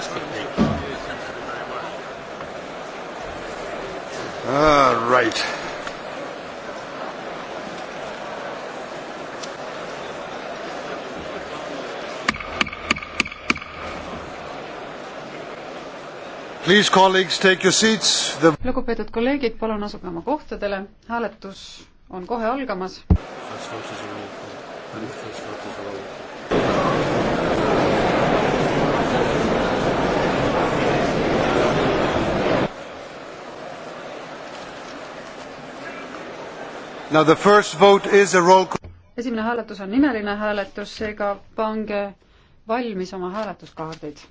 Respect. All right. Please, colleagues, take your seats. The... lugupeetud kolleegid, palun asuge oma kohtadele, hääletus on kohe algamas. esimene hääletus on nimeline hääletus, seega pange valmis oma hääletuskaardid